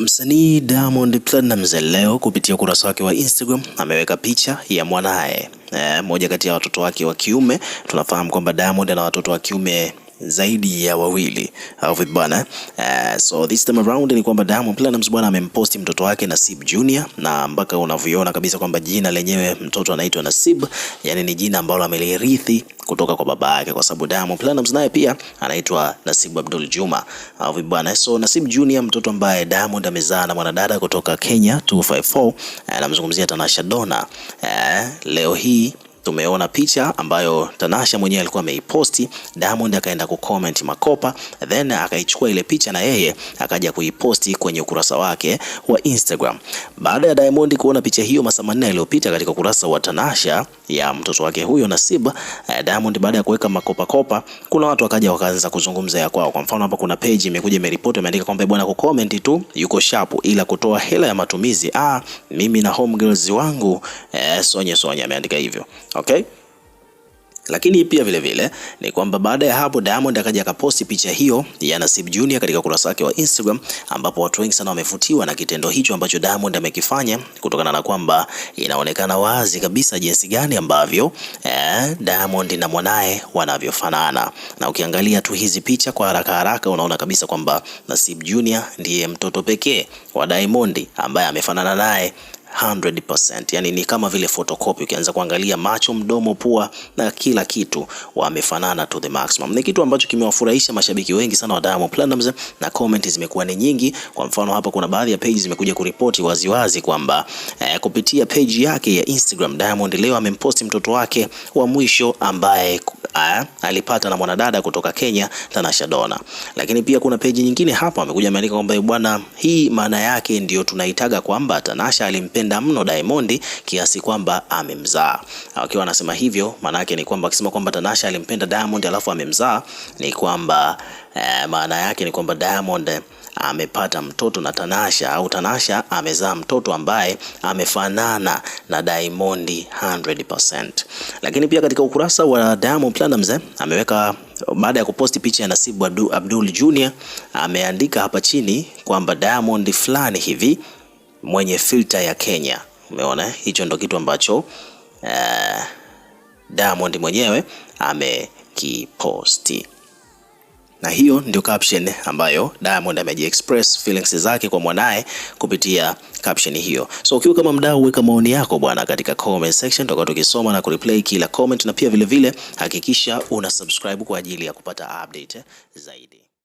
Msanii Diamond Platnumz leo kupitia ukurasa wake wa Instagram ameweka picha ya mwanaye mmoja eh, moja kati ya watoto wake wa kiume. Tunafahamu kwamba Diamond ana watoto wa kiume zaidi ya wawili au vipi bwana? Uh, so this time around ni kwamba Diamond Platnumz bwana amemposti mtoto wake Nasib Junior, na mpaka unavyoona kabisa kwamba jina lenyewe mtoto anaitwa Nasib, yani ni jina ambalo amelirithi kutoka kwa baba yake, kwa sababu Diamond Platnumz naye pia anaitwa Nasib Abdul Juma au vipi bwana? So Nasib Junior, mtoto ambaye Diamond amezaa na mwanadada kutoka Kenya 254, anamzungumzia eh, uh, Tanasha Donna. Uh, leo hii tumeona picha ambayo Tanasha mwenyewe alikuwa ameiposti, Diamond akaenda kucomment makopa, then akaichukua ile picha na yeye akaja kuiposti kwenye ukurasa wake wa Instagram. Baada ya Diamond kuona picha hiyo masaa manne yaliyopita katika ukurasa wa Tanasha ya mtoto wake huyo Nasiba, eh, Diamond baada ya kuweka makopa kopa, kuna watu wakaja wakaanza kuzungumza ya kwao. Kwa mfano hapa kuna page imekuja imeripoti imeandika kwamba bwana kucomment tu yuko sharp, ila kutoa hela ya matumizi ah, mimi na home girls wangu eh, sonye sonye, ameandika hivyo okay? Lakini pia vile vile ni kwamba baada ya hapo Diamond akaja akaposti picha hiyo ya Nasib Junior katika ukurasa wake wa Instagram, ambapo watu wengi sana wamevutiwa na kitendo hicho ambacho Diamond amekifanya, kutokana na kwamba inaonekana wazi kabisa jinsi gani ambavyo eh, Diamond na mwanaye wanavyofanana, na ukiangalia tu hizi picha kwa haraka haraka unaona kabisa kwamba Nasib Junior ndiye mtoto pekee wa Diamond ambaye amefanana naye 100%. Yani ni kama vile photocopy, ukianza kuangalia macho, mdomo, pua na kila kitu wamefanana to the maximum. Ni kitu ambacho kimewafurahisha mashabiki wengi sana wa Diamond Platinumz na comment zimekuwa ni nyingi. Kwa mfano hapa kuna baadhi ya page zimekuja kuripoti waziwazi kwamba eh, kupitia page yake ya Instagram Diamond leo amemposti mtoto wake wa mwisho ambaye Aya, alipata na mwanadada kutoka Kenya Tanasha Dona. Lakini pia kuna peji nyingine hapa amekuja ameandika kwamba eh, bwana, hii maana yake ndiyo tunaitaga kwamba Tanasha alimpenda mno Diamond kiasi kwamba amemzaa. Akiwa anasema hivyo, maana yake ni kwamba akisema kwamba Tanasha alimpenda Diamond alafu amemzaa ni kwamba eh, maana yake ni kwamba Diamond amepata mtoto na Tanasha au Tanasha amezaa mtoto ambaye amefanana na Diamond 100%. Lakini pia katika ukurasa wa Diamond Brett Adams eh, ameweka baada ya kuposti picha ya Nasibu Abdul Junior ameandika hapa chini kwamba Diamond fulani hivi mwenye filter ya Kenya. Umeona hicho ndo kitu ambacho uh, Diamond mwenyewe amekiposti na hiyo ndio caption ambayo Diamond amejiexpress feelings zake kwa mwanaye kupitia caption hiyo. So ukiwa kama mdau, weka maoni yako bwana katika comment section, tutakuwa tukisoma na kureplay kila comment, na pia vilevile vile, hakikisha una subscribe kwa ajili ya kupata update zaidi.